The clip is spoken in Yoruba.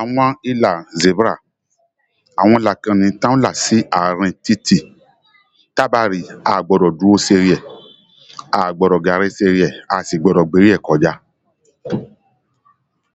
Àwọn ìlà zebra àwọn ìlà kan nìyí tán là sí àárín títì tá bá rí a gbọdọ̀ dúró sérí ẹ̀, a gbọdọ̀ gàré sérí ẹ̀, a sì gbọdọ̀ gbérí ẹ̀ kọjá.